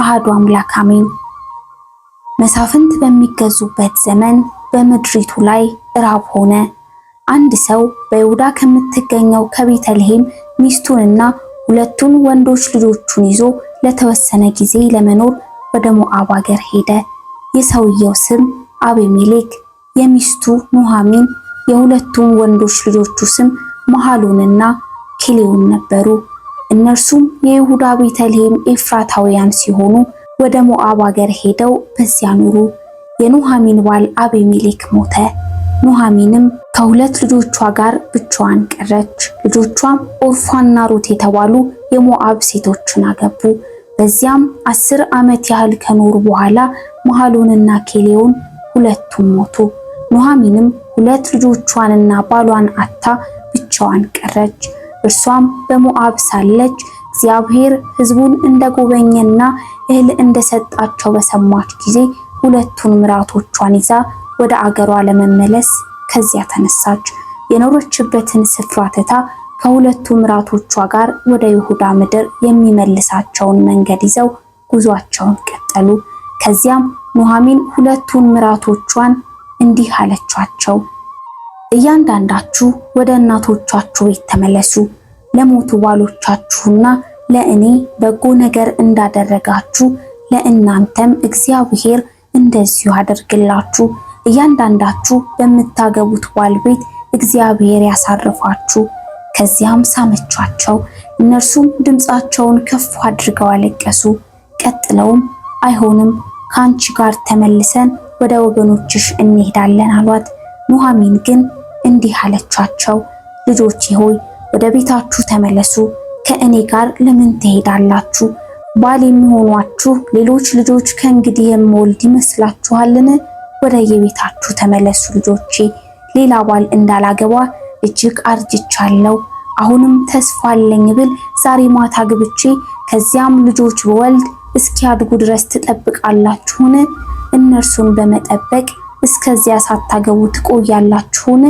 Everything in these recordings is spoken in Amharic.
አሐዱ አምላክ አሜን። መሳፍንት በሚገዙበት ዘመን በምድሪቱ ላይ ራብ ሆነ። አንድ ሰው በይሁዳ ከምትገኘው ከቤተልሔም ሚስቱንና ሁለቱን ወንዶች ልጆቹን ይዞ ለተወሰነ ጊዜ ለመኖር ወደ ሞዓብ አገር ሄደ። የሰውየው ስም አቤሜሌክ፣ የሚስቱ ኑሃሚን፣ የሁለቱም ወንዶች ልጆቹ ስም መሃሎንና ኪሊውን ነበሩ። እነርሱም የይሁዳ ቤተልሔም ኤፍራታውያን ሲሆኑ ወደ ሞዓብ አገር ሄደው በዚያ ኑሩ። የኑሃሚን ባል አቤሜሌክ ሞተ። ኑሃሚንም ከሁለት ልጆቿ ጋር ብቻዋን ቀረች። ልጆቿም ኦርፋና ሩት የተባሉ የሞዓብ ሴቶችን አገቡ። በዚያም አስር ዓመት ያህል ከኖሩ በኋላ መሐሎንና ኬሌውን ሁለቱም ሞቱ። ኑሃሚንም ሁለት ልጆቿንና ባሏን አታ ብቻዋን ቀረች። እርሷም በሞዓብ ሳለች እግዚአብሔር ሕዝቡን እንደጎበኘና እህል እንደሰጣቸው በሰማች ጊዜ ሁለቱን ምራቶቿን ይዛ ወደ አገሯ ለመመለስ ከዚያ ተነሳች። የኖረችበትን ስፍራ ትታ ከሁለቱ ምራቶቿ ጋር ወደ ይሁዳ ምድር የሚመልሳቸውን መንገድ ይዘው ጉዟቸውን ቀጠሉ። ከዚያም ኑሃሚን ሁለቱን ምራቶቿን እንዲህ አለቻቸው። እያንዳንዳችሁ ወደ እናቶቻችሁ ቤት ተመለሱ። ለሞቱ ባሎቻችሁና ለእኔ በጎ ነገር እንዳደረጋችሁ ለእናንተም እግዚአብሔር እንደዚሁ አደርግላችሁ። እያንዳንዳችሁ በምታገቡት ባል ቤት እግዚአብሔር ያሳርፋችሁ። ከዚያም ሳመቻቸው፣ እነርሱም ድምፃቸውን ከፍ አድርገው አለቀሱ። ቀጥለውም አይሆንም፣ ከአንቺ ጋር ተመልሰን ወደ ወገኖችሽ እንሄዳለን አሏት። ኑኃሚን ግን እንዲህ አለቻቸው፣ ልጆቼ ሆይ ወደ ቤታችሁ ተመለሱ። ከእኔ ጋር ለምን ትሄዳላችሁ? ባል የሚሆኗችሁ ሌሎች ልጆች ከእንግዲህ የምወልድ ይመስላችኋልን? ወደ የቤታችሁ ተመለሱ ልጆቼ። ሌላ ባል እንዳላገባ እጅግ አርጅቻለሁ። አሁንም ተስፋ አለኝ ብል ዛሬ ማታ ግብቼ ከዚያም ልጆች በወልድ እስኪያድጉ ድረስ ትጠብቃላችሁን? እነርሱን በመጠበቅ እስከዚያ ሳታገቡ ትቆያላችሁን?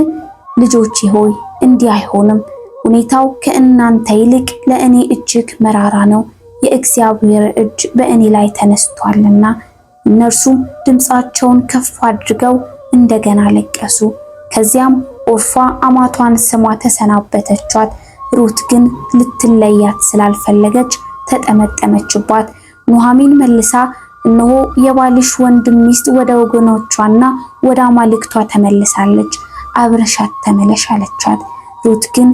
ልጆቼ ሆይ እንዲህ አይሆንም። ሁኔታው ከእናንተ ይልቅ ለእኔ እጅግ መራራ ነው፣ የእግዚአብሔር እጅ በእኔ ላይ ተነስቷልና። እነርሱም ድምፃቸውን ከፍ አድርገው እንደገና ለቀሱ። ከዚያም ኦርፋ አማቷን ስማ ተሰናበተቻት። ሩት ግን ልትለያት ስላልፈለገች ተጠመጠመችባት። ኑኃሚን መልሳ እነሆ የባልሽ ወንድም ሚስት ወደ ወገኖቿና ወደ አማልክቷ ተመልሳለች አብረሻት ተመለሽ አለቻት። ሩት ግን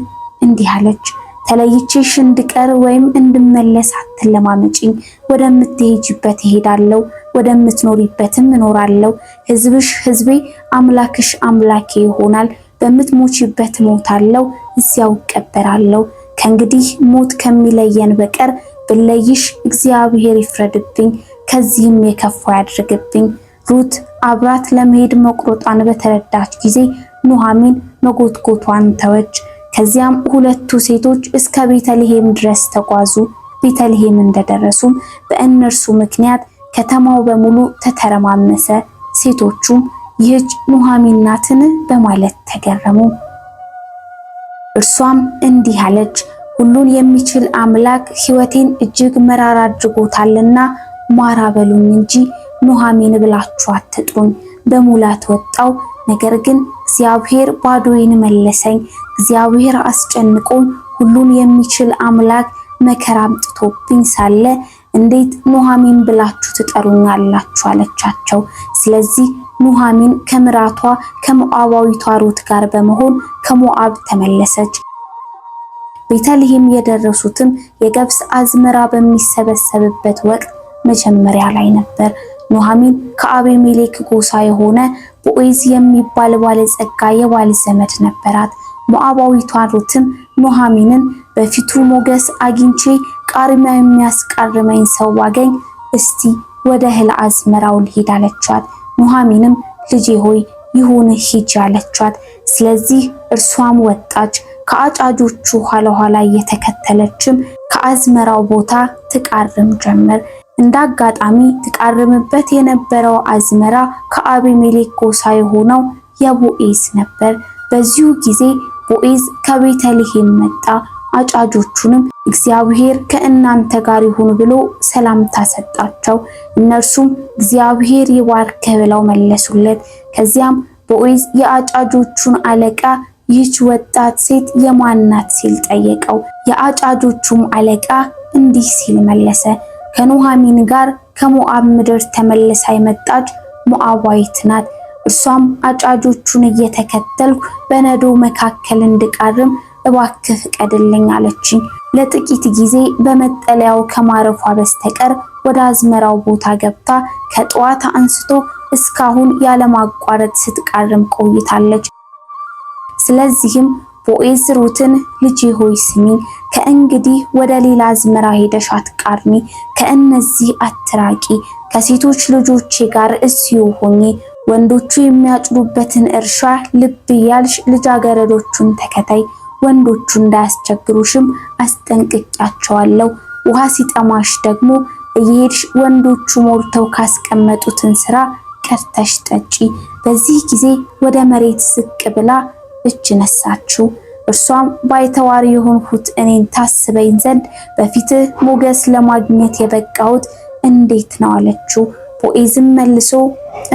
እንዲህ አለች፣ ተለይቼሽ እንድቀር ወይም እንድመለስ አትለማመጪኝ። ወደምትሄጅበት እሄዳለሁ፣ ወደምትኖሪበትም እኖራለሁ። ህዝብሽ ህዝቤ አምላክሽ አምላኬ ይሆናል። በምትሞችበት ሞታለሁ፣ እዚያው እቀበራለሁ። ከእንግዲህ ሞት ከሚለየን በቀር ብለይሽ እግዚአብሔር ይፍረድብኝ፣ ከዚህም የከፋ ያድርግብኝ። ሩት አብራት ለመሄድ መቁረጧን በተረዳች ጊዜ ኑሃሚን መጎትጎቷን ተወች። ከዚያም ሁለቱ ሴቶች እስከ ቤተልሔም ድረስ ተጓዙ። ቤተልሔም እንደደረሱም በእነርሱ ምክንያት ከተማው በሙሉ ተተረማመሰ። ሴቶቹም ይህች ኑሃሚን ናትን በማለት ተገረሙ። እርሷም እንዲህ አለች፣ ሁሉን የሚችል አምላክ ሕይወቴን እጅግ መራር አድርጎታልና ማራ በሉኝ እንጂ ኑሃሚን ብላችሁ አትጥሩኝ። በሙላት ወጣው ነገር ግን እግዚአብሔር ባዶዬን መለሰኝ፣ እግዚአብሔር አስጨንቆኝ፣ ሁሉን የሚችል አምላክ መከራ አምጥቶብኝ ሳለ እንዴት ኑሃሚን ብላችሁ ትጠሩኛላችሁ? አለቻቸው። ስለዚህ ኑሃሚን ከምራቷ ከሞዓባዊቷ ሩት ጋር በመሆን ከሞዓብ ተመለሰች። ቤተልሔም የደረሱትም የገብስ አዝመራ በሚሰበሰብበት ወቅት መጀመሪያ ላይ ነበር። ከአቤ ከአቤሜሌክ ጎሳ የሆነ ቦኤዝ የሚባል ባለጸጋ የባል ዘመድ ነበራት። ሞዓባዊቷ ሩትም ኑኃሚንን በፊቱ ሞገስ አግኝቼ ቃርሚያ የሚያስቃርመኝ ሰው ባገኝ እስቲ ወደ እህል አዝመራው ልሂድ አለቻት። ኑኃሚንም ልጄ ሆይ ይሁን ሂጅ አለቻት። ስለዚህ እርሷም ወጣች፣ ከአጫጆቹ ኋላ ኋላ እየተከተለችም ከአዝመራው ቦታ ትቃርም ጀመር። እንዳጋጣሚ ትቃርምበት የነበረው አዝመራ ከአቢሜሌክ ጎሳ የሆነው የቦኤዝ ነበር። በዚሁ ጊዜ ቦኤዝ ከቤተልሔም መጣ። አጫጆቹንም እግዚአብሔር ከእናንተ ጋር ይሁን ብሎ ሰላምታ ሰጣቸው። እነርሱም እግዚአብሔር ይባርክ ብለው መለሱለት። ከዚያም ቦኤዝ የአጫጆቹን አለቃ ይህች ወጣት ሴት የማን ናት ሲል ጠየቀው። የአጫጆቹም አለቃ እንዲህ ሲል መለሰ ከኑሃሚን ጋር ከሞአብ ምድር ተመልሳ የመጣች ሞዓባዊት ናት። እሷም አጫጆቹን እየተከተልኩ በነዶ መካከል እንድቀርም እባክህ ፍቀድልኝ አለችኝ። ለጥቂት ጊዜ በመጠለያው ከማረፏ በስተቀር ወደ አዝመራው ቦታ ገብታ ከጠዋት አንስቶ እስካሁን ያለማቋረጥ ስትቃርም ቆይታለች። ስለዚህም ቦዔዝ ሩትን ልጄ ሆይ ስሚኝ፣ ከእንግዲህ ወደ ሌላ አዝመራ ሄደሽ አትቃርኒ፣ ከእነዚህ አትራቂ። ከሴቶች ልጆቼ ጋር እዚሁ ሆኜ ወንዶቹ የሚያጭዱበትን እርሻ ልብ እያልሽ ልጃገረዶቹን ተከታይ፣ ወንዶቹ እንዳያስቸግሩሽም አስጠንቅቂያቸዋለሁ። ውሃ ሲጠማሽ ደግሞ እየሄድሽ ወንዶቹ ሞልተው ካስቀመጡትን ስራ ቀርተሽ ጠጪ። በዚህ ጊዜ ወደ መሬት ዝቅ ብላ እጅ ነሳችው። እርሷም ባይተዋር የሆንሁት እኔን ታስበኝ ዘንድ በፊትህ ሞገስ ለማግኘት የበቃሁት እንዴት ነው አለችው። ቦኤዝም መልሶ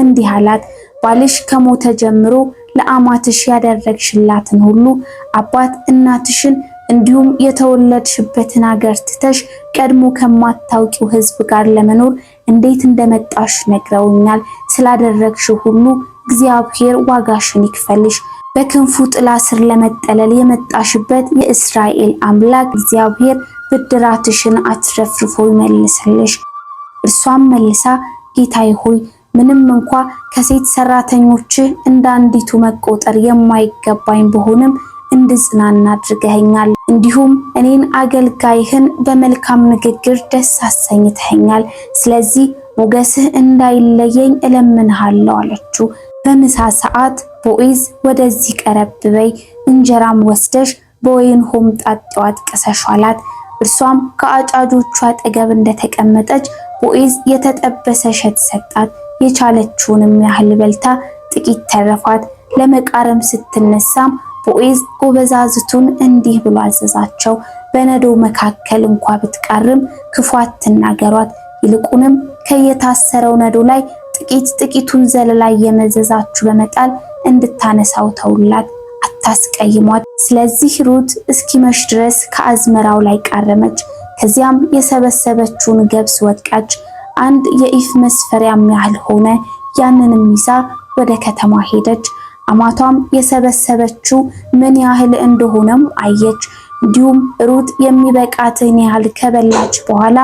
እንዲህ አላት፣ ባልሽ ከሞተ ጀምሮ ለአማትሽ ያደረግሽላትን ሁሉ አባት እናትሽን እንዲሁም የተወለድሽበትን ሀገር ትተሽ ቀድሞ ከማታውቂው ሕዝብ ጋር ለመኖር እንዴት እንደመጣሽ ነግረውኛል። ስላደረግሽ ሁሉ እግዚአብሔር ዋጋሽን ይክፈልሽ። በክንፉ ጥላ ስር ለመጠለል የመጣሽበት የእስራኤል አምላክ እግዚአብሔር ብድራትሽን አትረፍርፎ ይመልስልሽ። እርሷም መልሳ ጌታዬ ሆይ ምንም እንኳ ከሴት ሰራተኞችህ እንደ አንዲቱ መቆጠር የማይገባኝ ብሆንም እንድጽናና አድርገኸኛል። እንዲሁም እኔን አገልጋይህን በመልካም ንግግር ደስ አሰኝተኸኛል። ስለዚህ ሞገስህ እንዳይለየኝ እለምንሃለሁ አለችው። በምሳ ሰዓት ቦይዝ ወደዚህ ቀረብ በይ፣ እንጀራም ወስደሽ በወይን ሆምጣጤዋ አጥቅሰሽ አላት። እርሷም ከአጫጆቹ አጠገብ እንደተቀመጠች ቦይዝ የተጠበሰ እሸት ሰጣት። የቻለችውንም ያህል በልታ ጥቂት ተረፋት። ለመቃረም ስትነሳም ቦይዝ ጎበዛዝቱን እንዲህ ብሎ አዘዛቸው፣ በነዶ መካከል እንኳ ብትቃርም ክፉ አትናገሯት ይልቁንም ከየታሰረው ነዶ ላይ ጥቂት ጥቂቱን ዘለላ እየመዘዛችሁ በመጣል እንድታነሳው ተውላት፣ አታስቀይሟት። ስለዚህ ሩት እስኪመሽ ድረስ ከአዝመራው ላይ ቃረመች። ከዚያም የሰበሰበችውን ገብስ ወድቃች። አንድ የኢፍ መስፈሪያም ያህል ሆነ። ያንንም ይዛ ወደ ከተማ ሄደች። አማቷም የሰበሰበችው ምን ያህል እንደሆነም አየች። እንዲሁም ሩት የሚበቃትን ያህል ከበላች በኋላ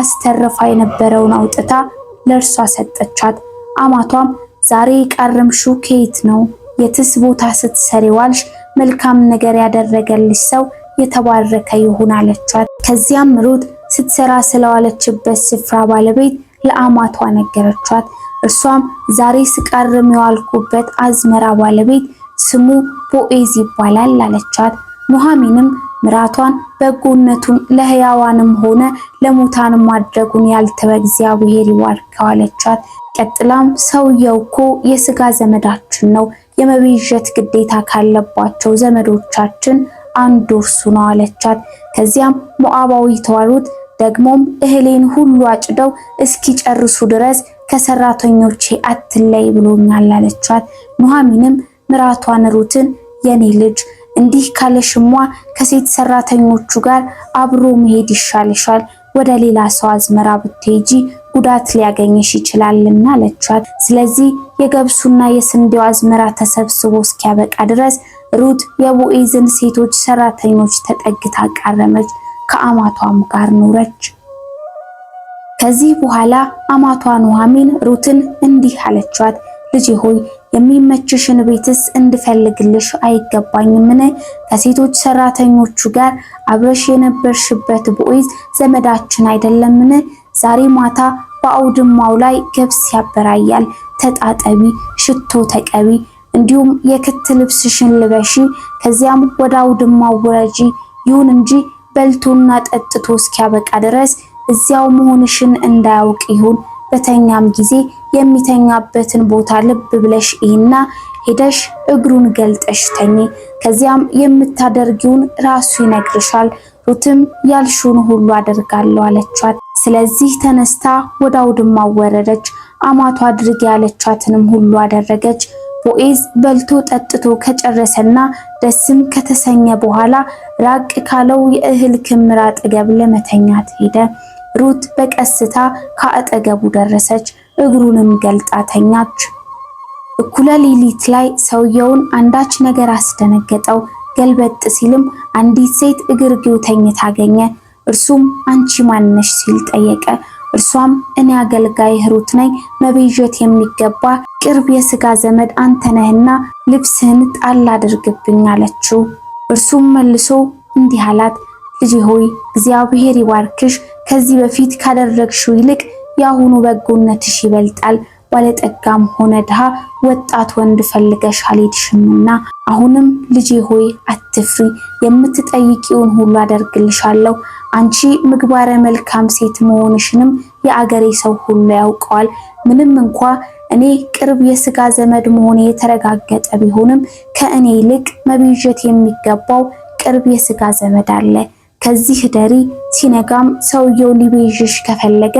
አስተርፋ የነበረውን አውጥታ ለእርሷ ሰጠቻት። አማቷም ዛሬ የቃረምሽው ከየት ነው? የትስ ቦታ ስትሰሪ ዋልሽ? መልካም ነገር ያደረገልሽ ሰው የተባረከ ይሁን አለቻት። ከዚያም ሩት ስትሰራ ስለዋለችበት ስፍራ ባለቤት ለአማቷ ነገረቻት። እርሷም ዛሬ ስቃርም የዋልኩበት አዝመራ ባለቤት ስሙ ቦኤዝ ይባላል አለቻት። ኑሃሚንም ምራቷን በጎነቱን ለሕያዋንም ሆነ ለሙታንም ማድረጉን ያልተወ እግዚአብሔር ይባርከው አለቻት። ቀጥላም ሰውየው እኮ የስጋ ዘመዳችን ነው፣ የመቤዠት ግዴታ ካለባቸው ዘመዶቻችን አንዱ እርሱ ነው አለቻት። ከዚያም ሞዓባዊ ተዋሩት ደግሞም እህሌን ሁሉ አጭደው እስኪጨርሱ ድረስ ከሰራተኞቼ አትለይ ብሎኛል አለቻት። ኑኃሚንም ምራቷን ሩትን የኔ ልጅ እንዲህ ሽሟ ከሴት ሰራተኞቹ ጋር አብሮ መሄድ ይሻልሻል። ወደ ሌላ ሰው አዝመራ ብትሄጂ ጉዳት ሊያገኝሽ ይችላልና አለቻት። ስለዚህ የገብሱና የስንዴው አዝመራ ተሰብስቦ እስኪያበቃ ድረስ ሩት የቦኤዝን ሴቶች ሰራተኞች ተጠግታ ቃረመች፣ ከአማቷም ጋር ኖረች። ከዚህ በኋላ አማቷ ኑኃሚን ሩትን እንዲህ አለቻት፣ ልጄ ሆይ የሚመችሽን ቤትስ እንድፈልግልሽ አይገባኝምን? ከሴቶች ሰራተኞቹ ጋር አብረሽ የነበርሽበት ቦይዝ ዘመዳችን አይደለምን? ዛሬ ማታ በአውድማው ላይ ገብስ ያበራያል። ተጣጠቢ፣ ሽቶ ተቀቢ፣ እንዲሁም የክት ልብስሽን ልበሺ። ከዚያም ወደ አውድማው ውረጂ። ይሁን እንጂ በልቶና ጠጥቶ እስኪያበቃ ድረስ እዚያው መሆንሽን እንዳያውቅ ይሁን። በተኛም ጊዜ የሚተኛበትን ቦታ ልብ ብለሽ ይህና ሄደሽ እግሩን ገልጠሽ ተኚ። ከዚያም የምታደርጊውን ራሱ ይነግርሻል። ሩትም ያልሽውን ሁሉ አደርጋለሁ አለቻት። ስለዚህ ተነስታ ወደ አውድማው ወረደች። አማቷ አድርግ ያለቻትንም ሁሉ አደረገች። ቦኤዝ በልቶ ጠጥቶ ከጨረሰና ደስም ከተሰኘ በኋላ ራቅ ካለው የእህል ክምር አጠገብ ለመተኛት ሄደ። ሩት በቀስታ ከአጠገቡ ደረሰች። እግሩንም ገልጣ ተኛች። እኩለ ሌሊት ላይ ሰውየውን አንዳች ነገር አስደነገጠው። ገልበጥ ሲልም አንዲት ሴት እግርጌው ተኝታ አገኘ። እርሱም አንቺ ማነሽ ሲል ጠየቀ። እርሷም እኔ አገልጋይ ህሩት ነኝ፣ መቤዠት የሚገባ ቅርብ የስጋ ዘመድ አንተ ነህና ልብስህን ጣል አድርግብኝ አለችው። እርሱም መልሶ እንዲህ አላት፣ ልጅ ሆይ እግዚአብሔር ይባርክሽ፣ ከዚህ በፊት ካደረግሽው ይልቅ የአሁኑ በጎነትሽ ይበልጣል። ባለጠጋም ሆነ ድሃ ወጣት ወንድ ፈልገሽ አልሄድሽምና አሁንም ልጄ ሆይ አትፍሪ፣ የምትጠይቂውን ሁሉ አደርግልሻለሁ። አንቺ ምግባረ መልካም ሴት መሆንሽንም የአገሬ ሰው ሁሉ ያውቀዋል። ምንም እንኳ እኔ ቅርብ የስጋ ዘመድ መሆኔ የተረጋገጠ ቢሆንም ከእኔ ይልቅ መቤዠት የሚገባው ቅርብ የስጋ ዘመድ አለ። ከዚህ ደሪ ሲነጋም ሰውየው ሊቤዥሽ ከፈለገ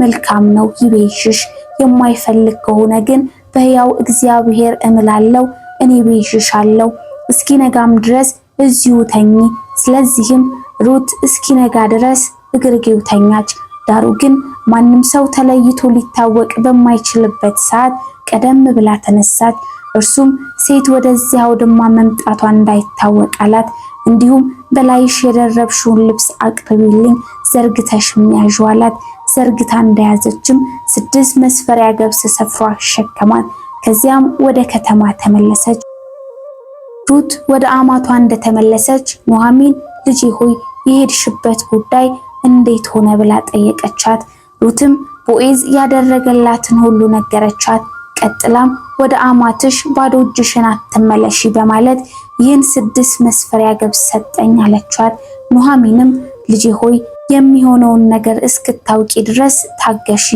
መልካም ነው ይቤዥሽ። የማይፈልግ ከሆነ ግን በሕያው እግዚአብሔር እምላለው እኔ ቤዥሻለው፣ እስኪነጋም ድረስ እዚሁ ተኚ። ስለዚህም ሩት እስኪነጋ ድረስ እግርጌው ተኛች። ዳሩ ግን ማንም ሰው ተለይቶ ሊታወቅ በማይችልበት ሰዓት ቀደም ብላ ተነሳች። እርሱም ሴት ወደዚህ አውድማ መምጣቷ እንዳይታወቅ አላት። እንዲሁም በላይሽ የደረብሽውን ልብስ አቅርቢልኝ ዘርግተሽ ሚያዥ አላት። ዘርግታ እንደያዘችም ስድስት መስፈሪያ ገብስ ሰፍሮ አሸከማት። ከዚያም ወደ ከተማ ተመለሰች። ሩት ወደ አማቷ እንደተመለሰች ኑሐሚን ልጅ ሆይ የሄድሽበት ጉዳይ እንዴት ሆነ ብላ ጠየቀቻት። ሩትም ቦኤዝ ያደረገላትን ሁሉ ነገረቻት። ቀጥላም ወደ አማትሽ ባዶ እጅሽን አትመለሺ በማለት ይህን ስድስት መስፈሪያ ገብስ ሰጠኝ አለቻት። ኑሐሚንም ልጅ ሆይ የሚሆነውን ነገር እስክታውቂ ድረስ ታገሺ፣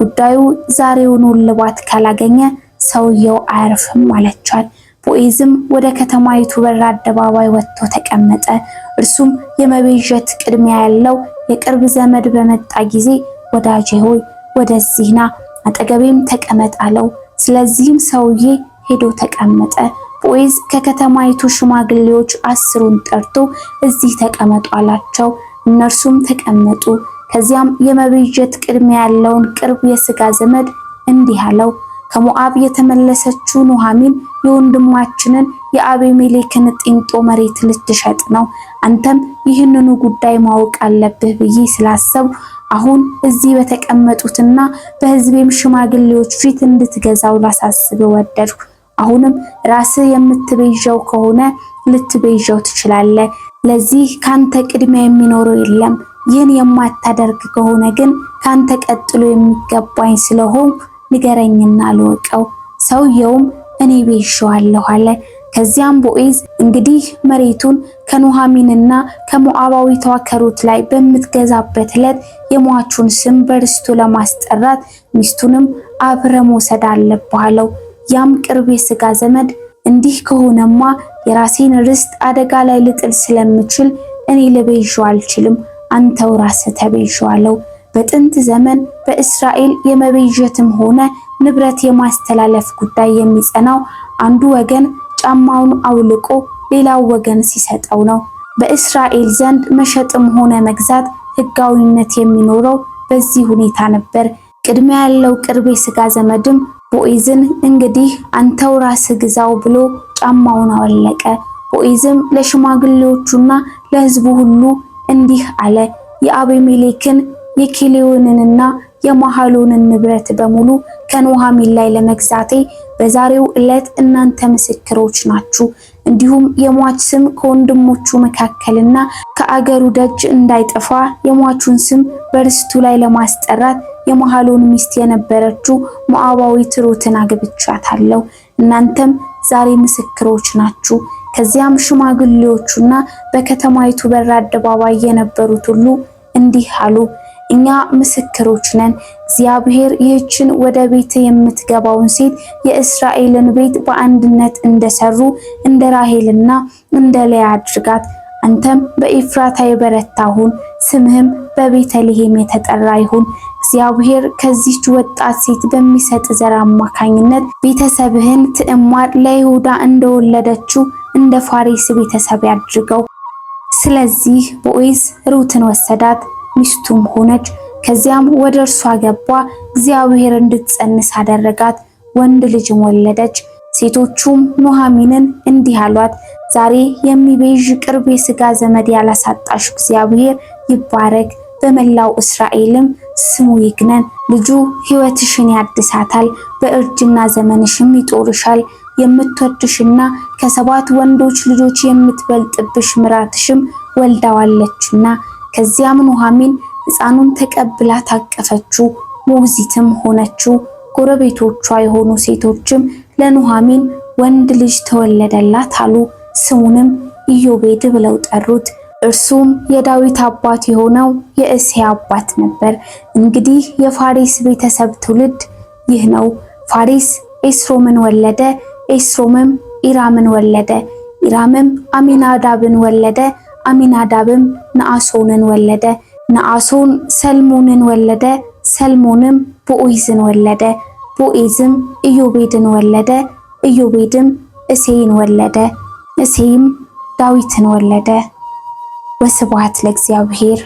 ጉዳዩ ዛሬውኑ ልባት ካላገኘ ሰውየው አያርፍም አለቻት። ቦዔዝም ወደ ከተማይቱ በር አደባባይ ወጥቶ ተቀመጠ። እርሱም የመቤዠት ቅድሚያ ያለው የቅርብ ዘመድ በመጣ ጊዜ ወዳጄ ሆይ ወደዚህ ና አጠገቤም ተቀመጥ አለው። ስለዚህም ሰውዬ ሄዶ ተቀመጠ። ቦዔዝ ከከተማይቱ ሽማግሌዎች አስሩን ጠርቶ እዚህ ተቀመጡ አላቸው። እነርሱም ተቀመጡ። ከዚያም የመቤዠት ቅድሚያ ያለውን ቅርብ የስጋ ዘመድ እንዲህ አለው፣ ከሞዓብ የተመለሰችው ኑኃሚን የወንድማችንን የአቤሜሌክን ጢንጦ መሬት ልትሸጥ ነው። አንተም ይህንኑ ጉዳይ ማወቅ አለብህ ብዬ ስላሰቡ አሁን እዚህ በተቀመጡትና በሕዝቤም ሽማግሌዎች ፊት እንድትገዛው ላሳስብ ወደድኩ። አሁንም ራስህ የምትቤዠው ከሆነ ልትቤዠው ትችላለህ። ለዚህ ካንተ ቅድሚያ የሚኖረው የለም። ይህን የማታደርግ ከሆነ ግን ካንተ ቀጥሎ የሚገባኝ ስለሆን ንገረኝና ልወቀው። ሰውየውም እኔ ቤሸዋለሁ አለ። ከዚያም ቦኤዝ እንግዲህ መሬቱን ከኑሃሚንና ከሞዓባዊቷ ከሩት ላይ በምትገዛበት ዕለት የሟቹን ስም በርስቱ ለማስጠራት ሚስቱንም አብረ መውሰድ አለብህ አለው። ያም ቅርብ የስጋ ዘመድ እንዲህ ከሆነማ የራሴን ርስት አደጋ ላይ ልጥል ስለምችል እኔ ልቤዠው አልችልም፣ አንተው ራስህ ተቤዠው አለው። በጥንት ዘመን በእስራኤል የመቤዠትም ሆነ ንብረት የማስተላለፍ ጉዳይ የሚጸናው አንዱ ወገን ጫማውን አውልቆ ሌላው ወገን ሲሰጠው ነው። በእስራኤል ዘንድ መሸጥም ሆነ መግዛት ሕጋዊነት የሚኖረው በዚህ ሁኔታ ነበር። ቅድሚያ ያለው ቅርብ ስጋ ዘመድም ቦዔዝን እንግዲህ አንተው ራስህ ግዛው ብሎ ጫማውን አወለቀ። ቦዔዝም ለሽማግሌዎቹና ለህዝቡ ሁሉ እንዲህ አለ፣ የአቤሜሌክን የኬሌዮንንና የመሐሎንን ንብረት በሙሉ ከኑኃሚን ላይ ለመግዛቴ በዛሬው ዕለት እናንተ ምስክሮች ናችሁ። እንዲሁም የሟች ስም ከወንድሞቹ መካከልና ከአገሩ ደጅ እንዳይጠፋ የሟቹን ስም በርስቱ ላይ ለማስጠራት የመሃሉን ሚስት የነበረችው ሞዓባዊት ሩትን አግብቻታለሁ። እናንተም ዛሬ ምስክሮች ናችሁ። ከዚያም ሽማግሌዎቹና በከተማይቱ በር አደባባይ የነበሩት ሁሉ እንዲህ አሉ። እኛ ምስክሮች ነን። እግዚአብሔር ይህችን ወደ ቤት የምትገባውን ሴት የእስራኤልን ቤት በአንድነት እንደሰሩ እንደ ራሄልና እንደ ሊያ አድርጋት። አንተም በኤፍራታ የበረታ ሁን፣ ስምህም በቤተልሔም የተጠራ ይሁን። እግዚአብሔር ከዚች ወጣት ሴት በሚሰጥ ዘር አማካኝነት ቤተሰብህን ትዕማር ለይሁዳ እንደወለደችው እንደ ፋሬስ ቤተሰብ ያድርገው። ስለዚህ ቦኤዝ ሩትን ወሰዳት። ሚስቱም ሆነች። ከዚያም ወደ እርሷ ገባ፣ እግዚአብሔር እንድትጸንስ አደረጋት፣ ወንድ ልጅም ወለደች። ሴቶቹም ኑኃሚንን እንዲህ አሏት፣ ዛሬ የሚቤዥ ቅርብ የሥጋ ዘመድ ያላሳጣሽ እግዚአብሔር ይባረክ፣ በመላው እስራኤልም ስሙ ይግነን። ልጁ ሕይወትሽን ያድሳታል፣ በእርጅና ዘመንሽም ይጦርሻል። የምትወድሽና ከሰባት ወንዶች ልጆች የምትበልጥብሽ ምራትሽም ወልዳዋለችና ከዚያም ኑኃሚን ህፃኑን ተቀብላ ታቀፈችው፣ ሞግዚትም ሆነችው። ጎረቤቶቿ የሆኑ ሴቶችም ለኑኃሚን ወንድ ልጅ ተወለደላት አሉ። ስሙንም ኢዮቤድ ብለው ጠሩት። እርሱም የዳዊት አባት የሆነው የእስሄ አባት ነበር። እንግዲህ የፋሪስ ቤተሰብ ትውልድ ይህ ነው። ፋሪስ ኤስሮምን ወለደ። ኤስሮምም ኢራምን ወለደ። ኢራምም አሚናዳብን ወለደ። አሚናዳብም ነአሶንን ወለደ። ነአሶን ሰልሞንን ወለደ። ሰልሞንም ቦኢዝን ወለደ። ቦዔዝም ኢዮቤድን ወለደ። ኢዮቤድም እሴይን ወለደ። እሴይም ዳዊትን ወለደ። ወስብሐት ለእግዚአብሔር።